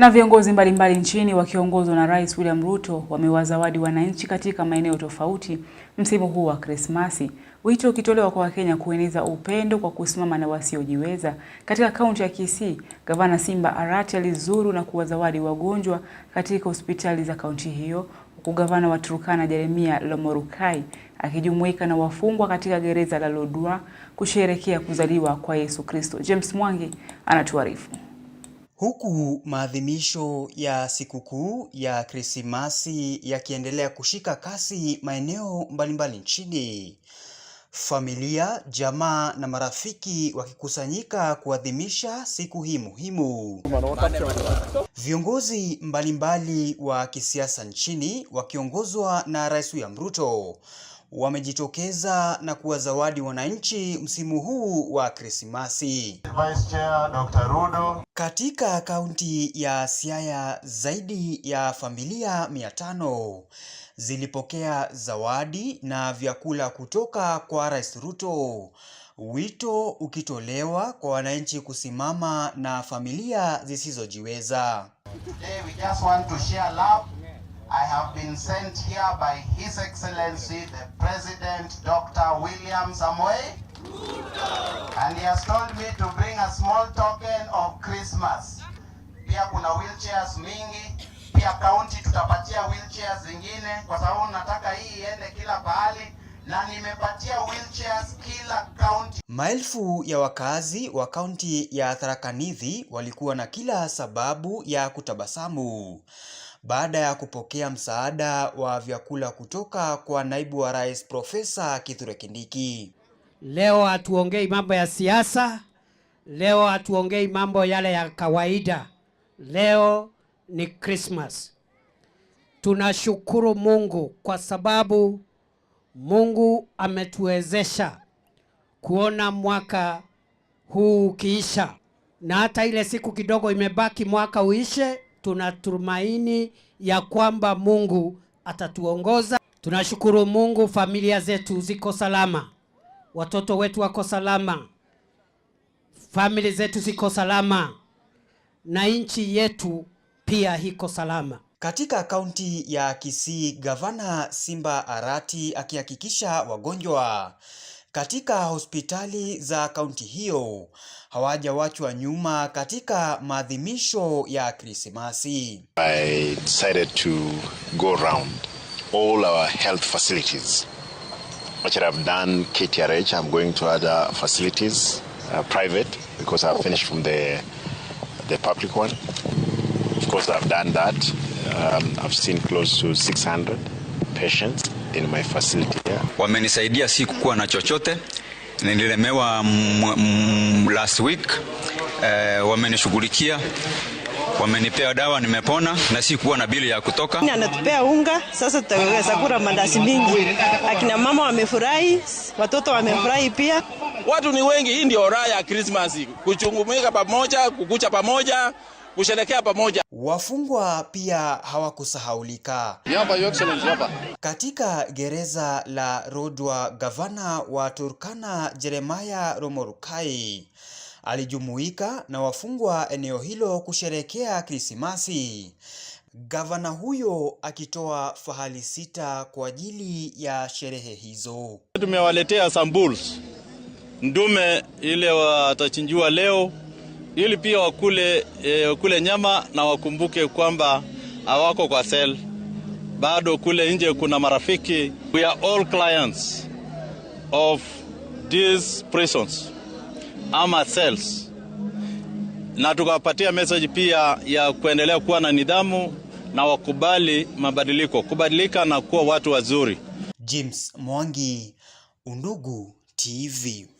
Na viongozi mbalimbali nchini wakiongozwa na Rais William Ruto wamewazawadi wananchi katika maeneo tofauti msimu huu wa Krismasi, wito ukitolewa kwa Wakenya kueneza upendo kwa kusimama na wasiojiweza. Katika kaunti ya Kisii, Gavana Simba Arati alizuru na kuwazawadi wagonjwa katika hospitali za kaunti hiyo, huku Gavana wa Turkana Jeremia Lomorukai akijumuika na wafungwa katika gereza la Lodwar kusherehekea kuzaliwa kwa Yesu Kristo. James Mwangi anatuarifu. Huku maadhimisho ya sikukuu ya Krismasi yakiendelea kushika kasi maeneo mbalimbali nchini, familia, jamaa na marafiki wakikusanyika kuadhimisha siku hii muhimu. Viongozi mbalimbali wa kisiasa nchini wakiongozwa na Rais William Ruto wamejitokeza na kuwazawadi wananchi msimu huu wa Krismasi. Vice Chair Dr. Rudo. Katika kaunti ya Siaya zaidi ya familia mia tano zilipokea zawadi na vyakula kutoka kwa Rais Ruto. Wito ukitolewa kwa wananchi kusimama na familia zisizojiweza. Today we just want to share love. I have been sent here by His Excellency the President Dr. William Samway. and he has told me to bring a small token of Christmas. Pia kuna wheelchairs mingi, pia county tutapatia wheelchairs zingine kwa sababu nataka hii iende kila pahali na nimepatia wheelchairs kila county. Maelfu ya wakazi wa kaunti ya Tharaka Nithi walikuwa na kila sababu ya kutabasamu baada ya kupokea msaada wa vyakula kutoka kwa naibu wa rais Profesa Kithure Kindiki. Leo hatuongei mambo ya siasa, leo hatuongei mambo yale ya kawaida. Leo ni Christmas. Tunashukuru Mungu kwa sababu Mungu ametuwezesha kuona mwaka huu ukiisha, na hata ile siku kidogo imebaki mwaka uishe tunatumaini ya kwamba Mungu atatuongoza. Tunashukuru Mungu, familia zetu ziko salama, watoto wetu wako salama, famili zetu ziko salama na nchi yetu pia iko salama. Katika kaunti ya Kisii, gavana Simba Arati akihakikisha wagonjwa katika hospitali za kaunti hiyo hawajawachwa nyuma katika maadhimisho ya Krismasi. I decided to go round all our health facilities which I've done KTRH. I'm going to other facilities uh, private because I've finished from the the public one. Of course I've done that. Um, I've seen close to 600 patients in my facility yeah. Wamenisaidia si kukuwa na chochote, nililemewa last week uh, wamenishughulikia wamenipea dawa nimepona, na si kuwa na bili ya kutoka. Anatupea unga sasa, tutaweza kula mandazi mingi. Akina mama wamefurahi, watoto wamefurahi pia. Watu ni wengi, hii ndio raha ya Krismasi, kuchungumika pamoja, kukucha pamoja kusherekea pamoja. Wafungwa pia hawakusahaulika katika gereza la Rodwa. Gavana wa Turkana Jeremiah romorukai alijumuika na wafungwa eneo hilo kusherekea Krismasi. Gavana huyo akitoa fahali sita kwa ajili ya sherehe hizo. Tumewaletea sambuls ndume ile watachinjiwa leo ili pia wakule, e, wakule nyama na wakumbuke kwamba hawako kwa sel bado, kule nje kuna marafiki. We are all clients of these prisons ama cells, na tukawapatia message pia ya kuendelea kuwa na nidhamu na wakubali mabadiliko, kubadilika na kuwa watu wazuri. James Mwangi, Undugu TV.